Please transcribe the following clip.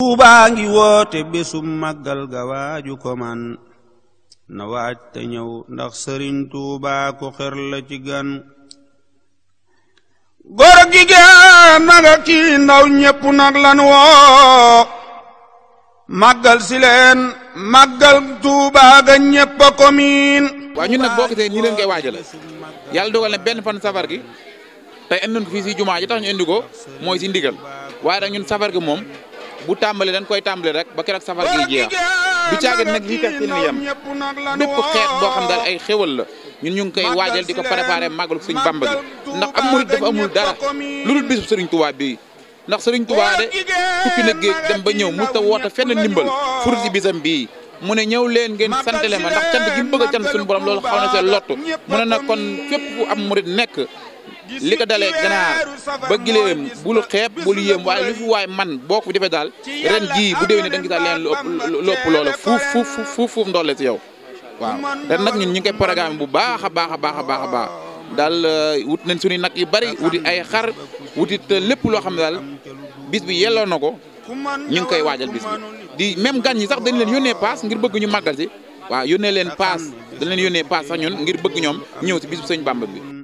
Tuubaa ngi woote bésum màggal ga waaju ko na waaj te ñëw ndax sëriñ Tuubaa ku ci gan góor gi géen naga kii ndaw ñépp nag lan woo màggal si leen màggal Tuubaa ga ñépp a ko ñun nag boo gisee nii leen koy waajale yàlla dogal na benn fan safar gi tey andoon ko si jumaa ji tax ñu indi ko mooy si ndigal waaye nag ñun safar gi moom bu tàmbali dañ koy tàmbali rek ba keroog safar gi jeex du caagin nag lii kat si ni yem bépp xeet boo xam daal ay xéwal la ñun ñu ngi koy waajal di ko préparer màggalu suñ bamba gi ndax am murit dafa amul dara lu dul bisub sëriñ Tuubaa bii ndax sëriñ Tuubaa de tukki na géej dem ba ñëw mu ta woote fenn ndimbal furut si bisam bii mu ne ñëw leen ngeen santale ma ndax cant gi mu bëgg a cant suñu borom loolu xaw na seen lottu mu ne nag kon fépp ku am murit nekk li ko dalee ganaar ba gileem bulu xeeb bulu yéem waaye lu fi waay man boo ko defee daal ren jii bu déwénee da nga gisaat leen lu ëpp loola fuuf fuuf fuuf fuuf si yow waaw ren nag ñun ñu ngi koy programme bu baax a baax a baax a baax a baax daal uh, wut nañ suñu nag yi bari wuti ay xar wutit lépp loo xam ne daal bis bi yelloo na ko ñu ngi koy waajal bis bi di même gan ñi sax dañ leen yónnee paas ngir bëgg ñu màggal si waaw yónnee leen paas dañ leen yónnee paas sax ñun ngir bëgg ñoom ñëw si bis bu sëñ Bàmba bi